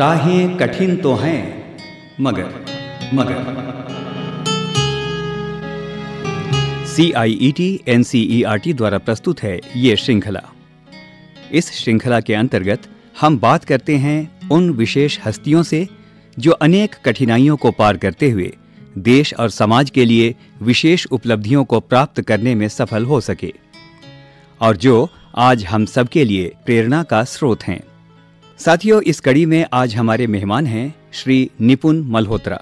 राहें कठिन तो हैं मगर मगर C I E T N C E R T द्वारा प्रस्तुत है ये श्रृंखला इस श्रृंखला के अंतर्गत हम बात करते हैं उन विशेष हस्तियों से जो अनेक कठिनाइयों को पार करते हुए देश और समाज के लिए विशेष उपलब्धियों को प्राप्त करने में सफल हो सके और जो आज हम सबके लिए प्रेरणा का स्रोत हैं साथियों इस कड़ी में आज हमारे मेहमान हैं श्री निपुण मल्होत्रा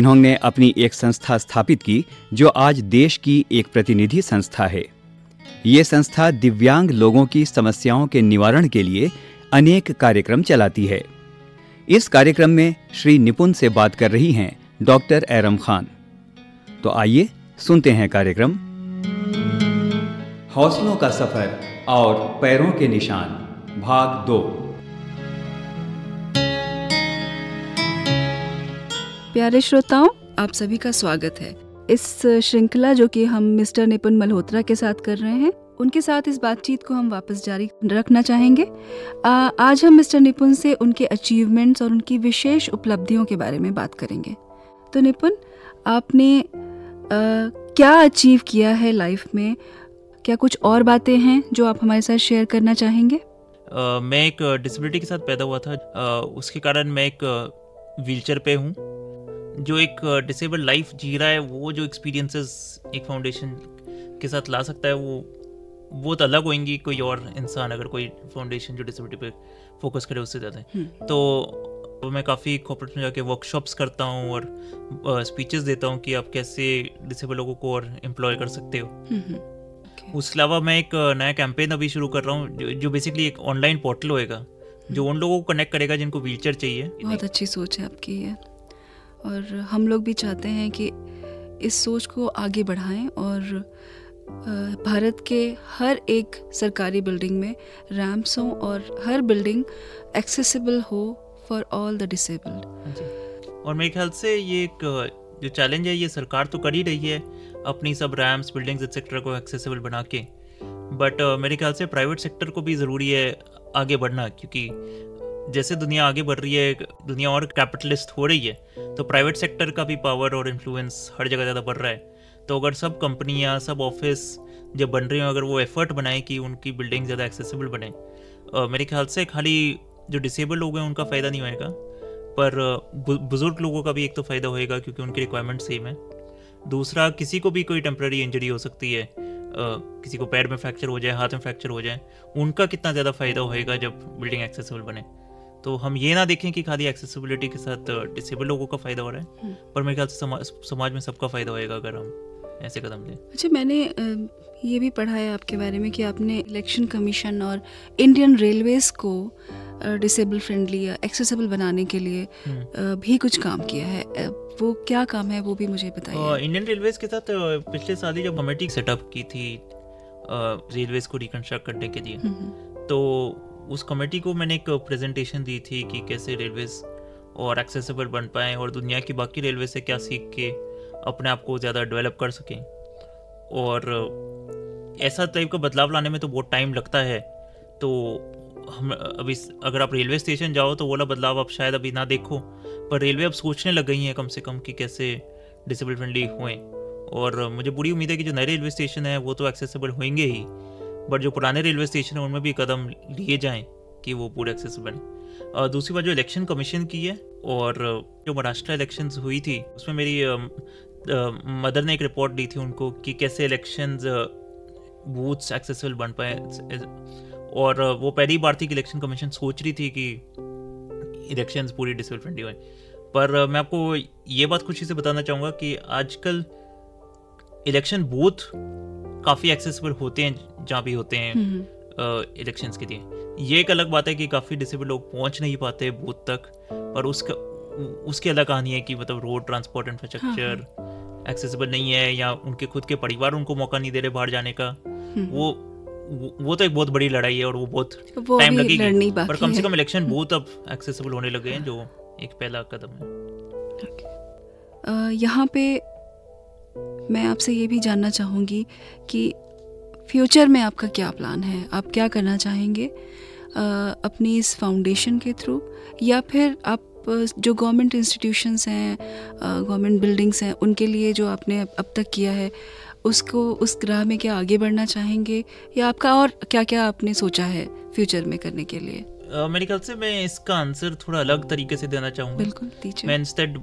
इन्होंने अपनी एक संस्था स्थापित की जो आज देश की एक प्रतिनिधि संस्था है ये संस्था दिव्यांग लोगों की समस्याओं के निवारण के लिए अनेक कार्यक्रम चलाती है इस कार्यक्रम में श्री निपुण से बात कर रही हैं डॉक्टर एरम खान तो आइए सुनते हैं कार्यक्रम हौसलों का सफर और पैरों के निशान भाग दो प्यारे श्रोताओं आप सभी का स्वागत है इस श्रृंखला जो कि हम मिस्टर निपुन मल्होत्रा के साथ कर रहे हैं उनके साथ इस बातचीत को हम वापस जारी रखना चाहेंगे आ, आज हम मिस्टर निपुन से उनके अचीवमेंट्स और उनकी विशेष उपलब्धियों के बारे में बात करेंगे तो निपुन आपने आ, क्या अचीव किया है लाइफ में क्या कुछ और बातें हैं जो आप हमारे साथ शेयर करना चाहेंगे आ, मैं एक डिसेबिलिटी के साथ पैदा हुआ था आ, उसके कारण मैं एक व्हीलचेयर पे हूँ जो एक डिसेबल लाइफ जी रहा है वो जो एक्सपीरियंसेस एक फाउंडेशन के साथ ला सकता है वो बहुत अलग होएंगी कोई और इंसान अगर कोई फाउंडेशन जो डिसेबिलिटी पे फोकस करे उससे ज़्यादा हम्म। तो, तो मैं काफ़ी कॉपरेट में जाके वर्कशॉप्स करता हूँ और स्पीचेस देता हूँ कि आप कैसे डिसेबल लोगों को और एम्प्लॉय कर सकते हो हम्म, हम्म, okay. उसके अलावा मैं एक नया कैंपेन अभी शुरू कर रहा हूँ जो, जो बेसिकली एक ऑनलाइन पोर्टल होएगा जो उन लोगों को कनेक्ट करेगा जिनको व्हील चाहिए बहुत अच्छी सोच है आपकी ये और हम लोग भी चाहते हैं कि इस सोच को आगे बढ़ाएं और भारत के हर एक सरकारी बिल्डिंग में रैम्प्स हों और हर बिल्डिंग एक्सेसिबल हो फॉर ऑल द डिसेबल्ड और मेरे ख्याल से ये एक जो चैलेंज है ये सरकार तो कर ही रही है अपनी सब रैम्स बिल्डिंग्स एक्सेट्रा को एक्सेसिबल बना के बट uh, मेरे ख्याल से प्राइवेट सेक्टर को भी ज़रूरी है आगे बढ़ना क्योंकि जैसे दुनिया आगे बढ़ रही है दुनिया और कैपिटलिस्ट हो रही है तो प्राइवेट सेक्टर का भी पावर और इन्फ्लुएंस हर जगह ज़्यादा बढ़ रहा है तो अगर सब कंपनियाँ सब ऑफिस जब बन रही हो अगर वो एफर्ट बनाए कि उनकी बिल्डिंग ज़्यादा एक्सेसिबल बने आ, मेरे ख्याल से खाली जो डिसेबल लोग हैं उनका फ़ायदा नहीं होएगा पर बुज़ुर्ग लोगों का भी एक तो फ़ायदा होएगा क्योंकि उनकी रिक्वायरमेंट सेम है दूसरा किसी को भी कोई टेम्प्रेरी इंजरी हो सकती है Uh, किसी को पैर में फ्रैक्चर हो जाए हाथ में फ्रैक्चर हो जाए उनका कितना ज़्यादा फ़ायदा होएगा जब बिल्डिंग एक्सेसिबल बने तो हम ये ना देखें कि खाली एक्सेसिबिलिटी के साथ डिसेबल uh, लोगों का फ़ायदा हो रहा है हम्म। पर मेरे ख्याल से समाज में सबका फ़ायदा होएगा अगर हम ऐसे कदम लें अच्छा मैंने uh, ये भी पढ़ा है आपके बारे में कि आपने इलेक्शन कमीशन और इंडियन रेलवेज़ को डिसेबल uh, फ्रेंडली या एक्सेसिबल बनाने के लिए हम्म। भी कुछ काम किया है वो क्या काम है वो भी मुझे बताइए इंडियन रेलवेज़ के साथ पिछले साल ही जब कमेटी सेटअप की थी रेलवेज़ को रिकन्स्ट्रक्ट करने के लिए हम्म, तो उस कमेटी को मैंने एक प्रेजेंटेशन दी थी कि कैसे रेलवे और एक्सेसिबल बन पाएँ और दुनिया की बाकी रेलवे से क्या सीख के अपने आप को ज़्यादा डेवलप कर सकें और ऐसा टाइप का बदलाव लाने में तो बहुत टाइम लगता है तो हम अभी अगर आप रेलवे स्टेशन जाओ तो बोला बदलाव आप शायद अभी ना देखो पर रेलवे अब सोचने लग गई हैं कम से कम कि कैसे डिसेबल फ्रेंडली हुए और मुझे पूरी उम्मीद है कि जो नए रेलवे स्टेशन है वो तो एक्सेसिबल होंगे ही बट जो पुराने रेलवे स्टेशन है उनमें भी कदम लिए जाएं कि वो पूरे एक्सेस बने दूसरी बात जो इलेक्शन कमीशन की है और जो महाराष्ट्र इलेक्शन हुई थी उसमें मेरी मदर ने एक रिपोर्ट दी थी उनको कि कैसे इलेक्शन बूथ्स एक्सेसिबल बन पाए और वो पहली बार थी कि इलेक्शन कमीशन सोच रही थी कि इलेक्शन पूरी डिस हुए पर मैं आपको ये बात खुशी से बताना चाहूँगा कि आजकल इलेक्शन बूथ काफ़ी एक्सेसिबल होते हैं जहाँ भी होते हैं इलेक्शन के लिए ये एक अलग बात है कि काफ़ी डिसेबल लोग पहुंच नहीं पाते बूथ तक पर उसका उसकी अलग कहानी है कि मतलब रोड ट्रांसपोर्ट इंफ्रास्ट्रक्चर एक्सेसिबल नहीं है या उनके खुद के परिवार उनको मौका नहीं दे रहे बाहर जाने का वो वो तो एक बहुत बड़ी लड़ाई है और वो बहुत टाइम लगेगी पर कम से कम इलेक्शन हम्म। बहुत अब एक्सेसिबल होने लगे हैं जो एक पहला कदम है यहाँ पे मैं आपसे ये भी जानना चाहूँगी कि फ्यूचर में आपका क्या प्लान है आप क्या करना चाहेंगे अपनी इस फाउंडेशन के थ्रू या फिर आप जो गवर्नमेंट इंस्टीट्यूशंस हैं गवर्नमेंट बिल्डिंग्स हैं उनके लिए जो आपने अब तक किया है उसको उस ग्राह में क्या आगे बढ़ना चाहेंगे या आपका और क्या क्या आपने सोचा है फ्यूचर में करने के लिए मेरे ख्याल से मैं इसका आंसर थोड़ा अलग तरीके से देना चाहूँगा बिल्कुल मैं इंस्टेड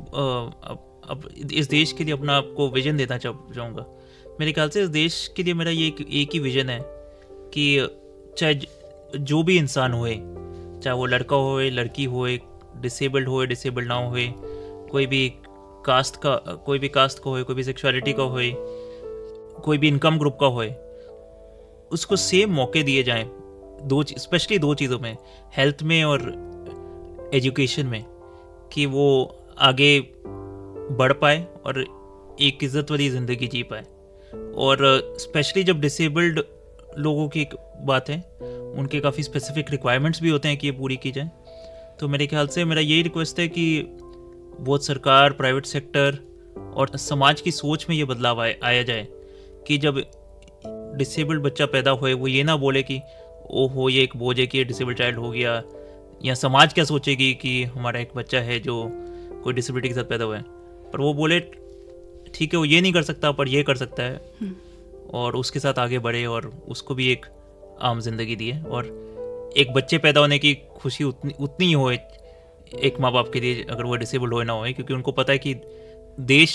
अब इस देश के लिए अपना आपको विजन देना चाह चाहूँगा मेरे ख्याल से इस देश के लिए मेरा ये एक ही विजन है कि चाहे जो भी इंसान होए चाहे वो लड़का होए लड़की होए डिसेबल्ड होए डिसेबल्ड ना होए कोई भी कास्ट का कोई भी कास्ट का होए कोई भी सेक्सुअलिटी का होए कोई भी इनकम ग्रुप का होए उसको सेम मौके दिए जाएं दो स्पेशली दो चीज़ों में हेल्थ में और एजुकेशन में कि वो आगे बढ़ पाए और एक इज़्ज़त वाली ज़िंदगी जी पाए और स्पेशली जब डिसेबल्ड लोगों की बात है उनके काफ़ी स्पेसिफिक रिक्वायरमेंट्स भी होते हैं कि ये पूरी की जाए तो मेरे ख्याल से मेरा यही रिक्वेस्ट है कि बहुत सरकार प्राइवेट सेक्टर और समाज की सोच में ये बदलाव आए, आया जाए कि जब डिसेबल्ड बच्चा पैदा होए वो ये ना बोले कि ओ हो ये एक बोझ है कि ये चाइल्ड हो गया या समाज क्या सोचेगी कि हमारा एक बच्चा है जो कोई डिसेबिलिटी के साथ पैदा हुआ है पर वो बोले ठीक है वो ये नहीं कर सकता पर ये कर सकता है हम्म। और उसके साथ आगे बढ़े और उसको भी एक आम जिंदगी दिए और एक बच्चे पैदा होने की खुशी उतनी उतनी ही हो एक माँ बाप के लिए अगर वो डिसेबल्ड हो ना हो क्योंकि उनको पता है कि देश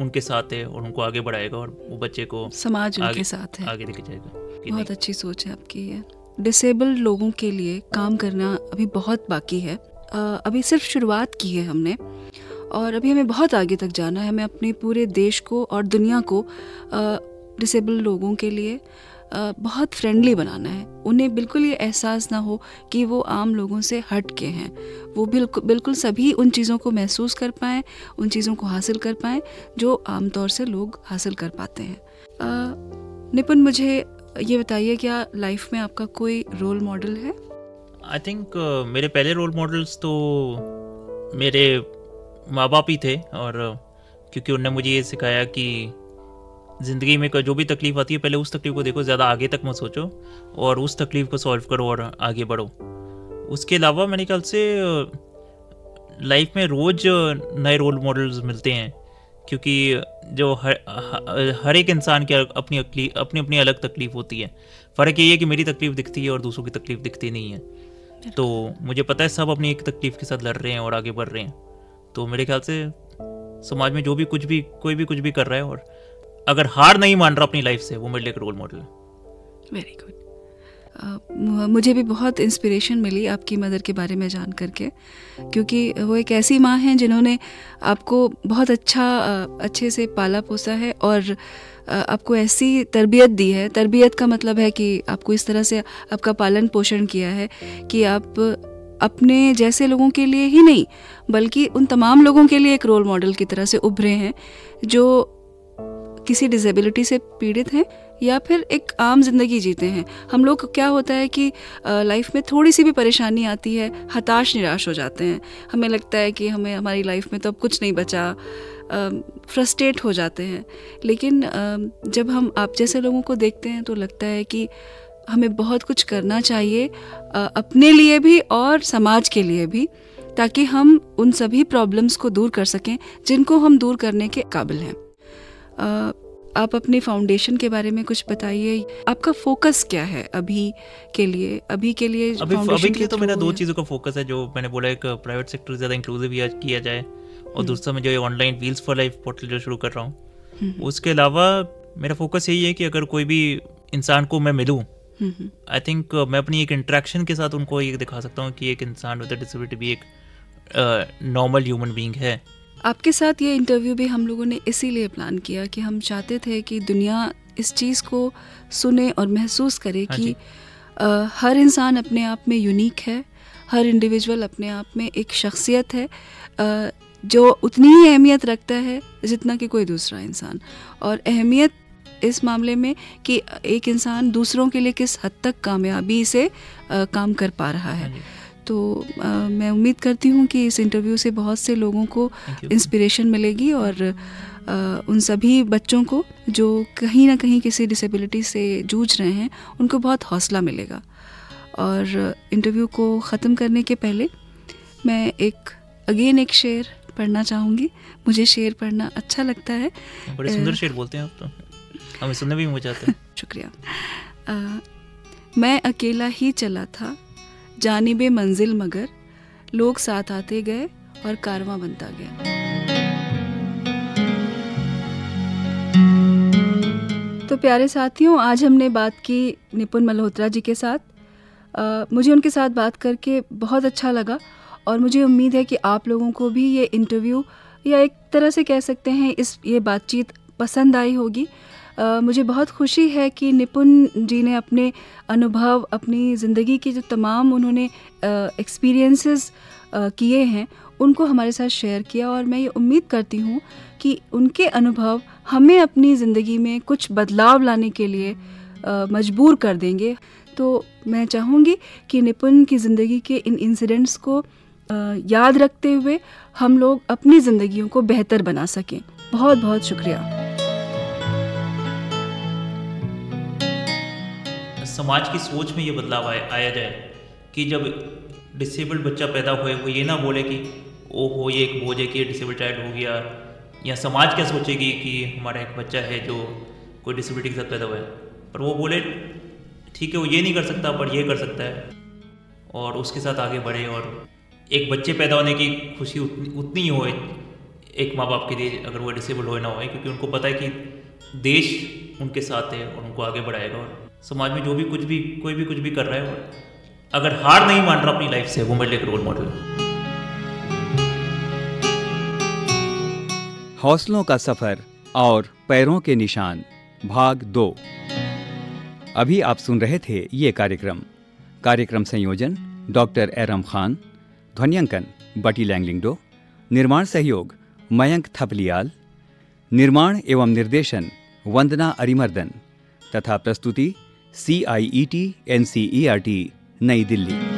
उनके साथ है और उनको आगे बढ़ाएगा और वो बच्चे को समाज उनके साथ है आगे लेके जाएगा बहुत अच्छी सोच है आपकी ये डिसेबल्ड लोगों के लिए काम करना अभी बहुत बाकी है अभी सिर्फ शुरुआत की है हमने और अभी हमें बहुत आगे तक जाना है हमें अपने पूरे देश को और दुनिया को डिसेबल लोगों के लिए बहुत फ्रेंडली बनाना है उन्हें बिल्कुल ये एहसास ना हो कि वो आम लोगों से हट के हैं वो बिल्कुल बिल्कुल सभी उन चीज़ों को महसूस कर पाएँ उन चीज़ों को हासिल कर पाएँ जो आमतौर से लोग हासिल कर पाते हैं निपुन मुझे ये बताइए क्या लाइफ में आपका कोई रोल मॉडल है आई थिंक uh, मेरे पहले रोल मॉडल्स तो मेरे माँ बाप ही थे और क्योंकि उनने मुझे ये सिखाया कि ज़िंदगी में जो भी तकलीफ आती है पहले उस तकलीफ को देखो ज़्यादा आगे तक मत सोचो और उस तकलीफ को सॉल्व करो और आगे बढ़ो उसके अलावा मेरे ख्याल से लाइफ में रोज़ नए रोल मॉडल्स मिलते हैं क्योंकि जो हर हर एक इंसान की अपनी अकली अपनी अपनी अलग तकलीफ़ होती है फ़र्क यही है कि मेरी तकलीफ़ दिखती है और दूसरों की तकलीफ़ दिखती नहीं है तो मुझे पता है सब अपनी एक तकलीफ़ के साथ लड़ रहे हैं और आगे बढ़ रहे हैं तो मेरे ख्याल से समाज में जो भी कुछ भी कोई भी कुछ भी कर रहा है और अगर हार नहीं मान रहा अपनी लाइफ से वो मेरे लिए रोल मॉडल है वेरी गुड uh, मुझे भी बहुत इंस्पिरेशन मिली आपकी मदर के बारे में जान करके क्योंकि वो एक ऐसी माँ हैं जिन्होंने आपको बहुत अच्छा अच्छे से पाला पोसा है और आपको ऐसी तरबियत दी है तरबियत का मतलब है कि आपको इस तरह से आपका पालन पोषण किया है कि आप अपने जैसे लोगों के लिए ही नहीं बल्कि उन तमाम लोगों के लिए एक रोल मॉडल की तरह से उभरे हैं जो किसी डिजेबिलिटी से पीड़ित हैं या फिर एक आम जिंदगी जीते हैं हम लोग क्या होता है कि लाइफ में थोड़ी सी भी परेशानी आती है हताश निराश हो जाते हैं हमें लगता है कि हमें हमारी लाइफ में तो अब कुछ नहीं बचा फ्रस्ट्रेट हो जाते हैं लेकिन जब हम आप जैसे लोगों को देखते हैं तो लगता है कि हमें बहुत कुछ करना चाहिए अपने लिए भी और समाज के लिए भी ताकि हम उन सभी प्रॉब्लम्स को दूर कर सकें जिनको हम दूर करने के काबिल हैं आप अपने फाउंडेशन के बारे में कुछ बताइए आपका फोकस क्या है अभी के लिए अभी के लिए अभी, अभी के लिए तो मेरा दो चीज़ों का फोकस है जो मैंने बोला एक प्राइवेट सेक्टर ज़्यादा इंक्लूसिव किया जाए और हम्म। दूसरा मैं जो online wheels for life portal जो शुरू कर रहा हूँ हम्म। उसके अलावा मेरा फोकस यही है कि अगर कोई भी इंसान को मैं मिलूँ आई थिंक uh, मैं अपनी एक इंट्रैक्शन के साथ उनको ये दिखा सकता हूँ कि एक इंसान विद डिसेबिलिटी भी एक नॉर्मल ह्यूमन बींग है आपके साथ ये इंटरव्यू भी हम लोगों ने इसीलिए प्लान किया कि हम चाहते थे कि दुनिया इस चीज़ को सुने और महसूस करे हाँ कि आ, हर इंसान अपने आप में यूनिक है हर इंडिविजुअल अपने आप में एक शख्सियत है आ, जो उतनी ही अहमियत रखता है जितना कि कोई दूसरा इंसान और अहमियत इस मामले में कि एक इंसान दूसरों के लिए किस हद तक कामयाबी से आ, काम कर पा रहा है हाँ तो आ, मैं उम्मीद करती हूँ कि इस इंटरव्यू से बहुत से लोगों को इंस्पिरेशन मिलेगी और आ, उन सभी बच्चों को जो कहीं ना कहीं किसी डिसेबिलिटी से जूझ रहे हैं उनको बहुत हौसला मिलेगा और इंटरव्यू को ख़त्म करने के पहले मैं एक अगेन एक शेर पढ़ना चाहूँगी मुझे शेर पढ़ना अच्छा लगता है बड़े सुंदर शेर बोलते हैं आप तो हमें सुनने भी मुझे आता है शुक्रिया आ, मैं अकेला ही चला था जानिबे मंजिल मगर लोग साथ आते गए और कारवां बनता गया तो प्यारे साथियों आज हमने बात की निपुण मल्होत्रा जी के साथ आ, मुझे उनके साथ बात करके बहुत अच्छा लगा और मुझे उम्मीद है कि आप लोगों को भी ये इंटरव्यू या एक तरह से कह सकते हैं इस ये बातचीत पसंद आई होगी मुझे बहुत खुशी है कि निपुण जी ने अपने अनुभव अपनी ज़िंदगी के जो तमाम उन्होंने एक्सपीरियंसेस किए हैं उनको हमारे साथ शेयर किया और मैं ये उम्मीद करती हूँ कि उनके अनुभव हमें अपनी ज़िंदगी में कुछ बदलाव लाने के लिए आ, मजबूर कर देंगे तो मैं चाहूँगी कि निपुण की ज़िंदगी के इन इंसिडेंट्स को आ, याद रखते हुए हम लोग अपनी ज़िंदगियों को बेहतर बना सकें बहुत बहुत शुक्रिया समाज की सोच में ये बदलाव आया आया जाए कि जब डिसेबल्ड बच्चा पैदा हुए वो ये ना बोले कि ओ हो ये एक बोझ है कि डिसेबल चाइल्ड हो गया या समाज क्या सोचेगी कि हमारा एक बच्चा है जो कोई डिसेबिलिटी के साथ पैदा हुआ है पर वो बोले ठीक है वो ये नहीं कर सकता पर ये कर सकता है और उसके साथ आगे बढ़े और एक बच्चे पैदा होने की खुशी उतनी उतनी ही हो एक माँ बाप के लिए अगर वो डिसेबल हो ना हो क्योंकि उनको पता है कि देश उनके साथ है और उनको आगे बढ़ाएगा और समाज में जो भी कुछ भी कोई भी कुछ भी कर रहा है अगर हार नहीं मान रहा अपनी लाइफ से वो मेरे लिए रोल मॉडल हौसलों का सफर और पैरों के निशान भाग दो अभी आप सुन रहे थे ये कार्यक्रम कार्यक्रम संयोजन डॉक्टर एरम खान ध्वनियांकन बटी लैंगलिंगडो निर्माण सहयोग मयंक थपलियाल निर्माण एवं निर्देशन वंदना अरिमर्दन तथा प्रस्तुति C I E T N C E R T New Delhi